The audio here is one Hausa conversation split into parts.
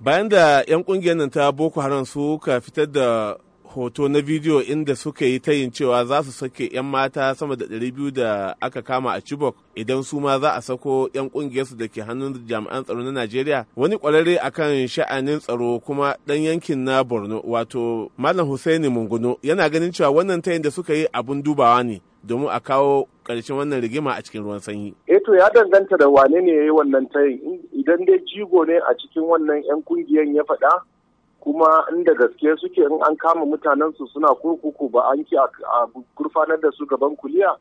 bayan da 'yan kungiyar nan ta boko haram ka fitar da hoto na bidiyo inda suka yi tayin cewa za su sake 'yan mata sama da 200 da aka kama a chibok idan su ma za a sako 'yan kungiyarsu da ke hannun jami'an tsaro na najeriya wani kwararre kan sha'anin tsaro kuma dan yankin na borno wato malam husaini munguno yana ganin cewa wannan tayin da suka yi abun dubawa ne domin a kawo ƙarshen wannan rigima a cikin ruwan sanyi. Eh to ya danganta da wane ne ya yi wannan tayin idan dai jigo ne a cikin wannan 'yan kungiyan ya faɗa kuma inda gaske suke in an kama mutanen su suna kurkuku ba an ki a gurfanar da su gaban kuliya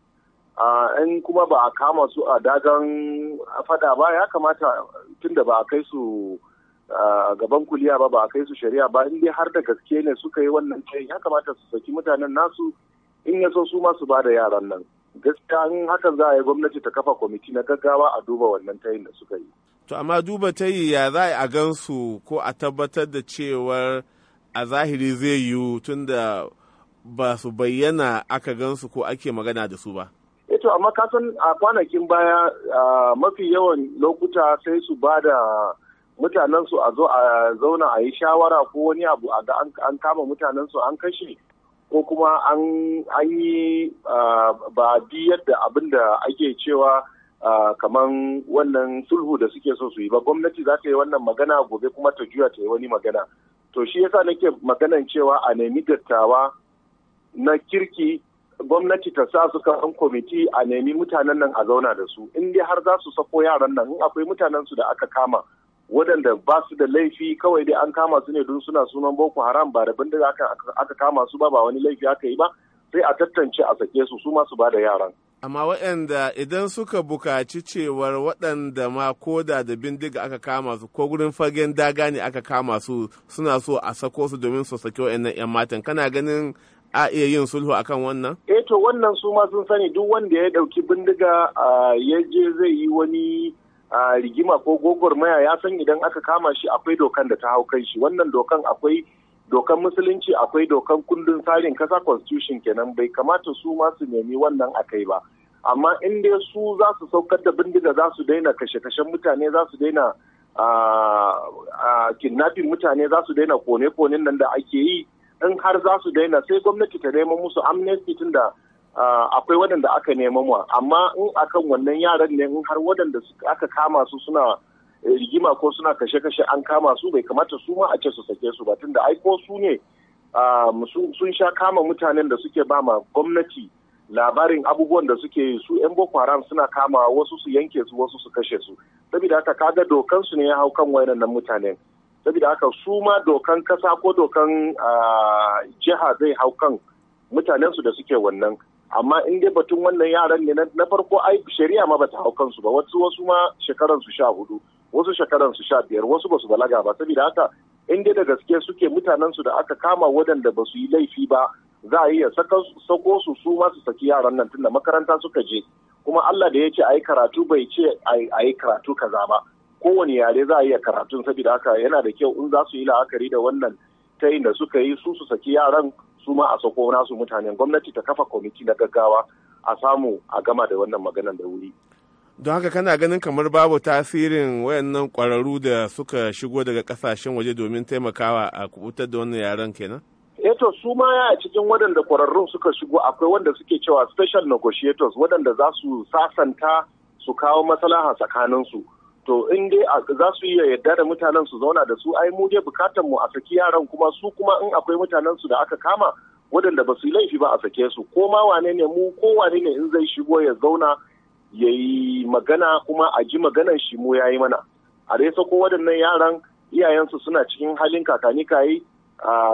in kuma ba a kama su a dagan faɗa ba ya kamata tunda ba a kai su gaban kuliya ba ba a kai su shari'a ba in dai har da gaske ne suka yi wannan tayin ya kamata su saki mutanen nasu in ya so su masu ba da yaran nan gaskiya in haka za a yi gwamnati ta kafa kwamiti na gaggawa a duba wannan tayin da suka yi to amma duba tayi ya za a gan su ko a tabbatar da cewar a zahiri zai yiwu tunda ba su bayyana aka gansu ko ake magana da su ba. Eto eh amma ka san a kwanakin baya mafi yawan lokuta sai su ba da mutanensu a zo a zauna a yi shawara ko wani abu a ga an kama mutanensu an kashe ko kuma an yi ba bi yadda abin da ake cewa kamar wannan sulhu da suke so su yi ba gwamnati za ta yi wannan magana gobe kuma ta juya ta yi wani magana to shi yasa nake maganan cewa a nemi dattawa na kirki gwamnati ta sa su kan kwamiti a nemi mutanen nan a zauna da su in dai har za su sako yaran nan in akwai mutanen su da aka kama waɗanda ba su da laifi kawai dai an kama su ne don suna sunan boko haram ba da bindiga aka kama su ba ba wani laifi aka yi ba sai a tattance a sake su su su ba da yaran amma waɗanda idan suka bukaci cewar waɗanda ma koda da bindiga aka kama su ko gurin fagen daga ne aka kama su suna so a sako su domin su sake waɗannan 'yan matan kana ganin a iya yin sulhu akan wannan? Eh to wannan su ma sun sani duk wanda ya ɗauki bindiga ya je zai yi wani a rigima ko gwagwarmaya ya san idan aka kama shi akwai dokan da ta hau kai shi wannan dokan akwai dokan musulunci akwai dokan kundin tsarin kasa constitution kenan bai kamata su ma su nemi wannan akai ba amma in dai su za su saukar da bindiga za su daina kashe-kashen mutane za su daina kidnapping mutane za su daina kone-konen nan da ake yi in har za su daina sai gwamnati ta nemo musu amnesty tunda. Ah, akwai waɗanda aka nema mu amma in akan wannan yaran ne in har waɗanda aka kama su suna eh, rigima ko suna kashe-kashe an kama su bai kamata su ma a ce su sake su ba tunda ai ko su ne ah, sun sha kama mutanen da suke ba ma gwamnati labarin abubuwan da suke su 'yan boko haram suna kama wasu su yanke su wasu su kashe su saboda haka kaga dokan su ne ya hau kan wayannan mutanen saboda haka su ma dokan kasa ko dokan ah, jiha zai hau kan mutanen su da suke wannan amma in dai batun wannan yaran ne na farko ai shari'a ma bata hau kansu ba wasu wasu ma shekaran su sha hudu wasu shekaran su sha biyar wasu basu balaga ba saboda haka in dai da gaske suke mutanen su da aka kama waɗanda ba su yi laifi ba za a iya sako su su ma su saki yaran nan tunda makaranta suka je kuma Allah da ya ce ai karatu bai ce ai karatu kaza ba kowane yare za a iya karatun saboda haka yana da kyau in za su yi la'akari da wannan ta da suka yi su su saki yaran su ma a sako nasu mutane gwamnati ta kafa kwamiti na gaggawa a samu a gama da wannan maganan da wuri don haka kana ganin kamar babu tasirin wayannan kwararru da suka shigo daga kasashen waje domin taimakawa a kubutar da wannan yaren kenan eto eh su ma ya cikin waɗanda kwararrun suka shigo akwai wanda suke cewa special negotiators waɗanda za su sasanta su kawo maslaha tsakaninsu to in dai za su iya yarda da mutanen su zauna da su ai mu dai bukatan mu a saki yaran kuma su kuma in akwai mutanen su da aka kama waɗanda ba su yi laifi ba a sake su ko ma wane ne mu ko wane ne in zai shigo ya zauna ya yi magana kuma a ji maganar shi mu ya yi mana a dai sako waɗannan yaran iyayensu suna cikin halin kakani kayi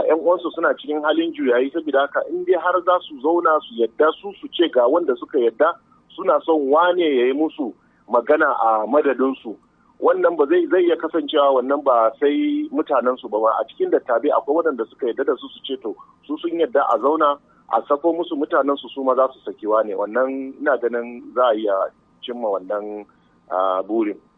yan uwansu suna cikin halin juyayi saboda haka in dai har za su zauna su yadda su su ce ga wanda suka yadda suna son wane ya yi musu magana a madadinsu wannan ba zai zai iya kasancewa wannan ba sai mutanensu ba a cikin dattabe akwai waɗanda suka yarda da su su ce to su sun yadda a zauna a sako musu mutanensu su ma za su sakiwa ne wannan ina ganin za a iya cimma wannan ah, burin.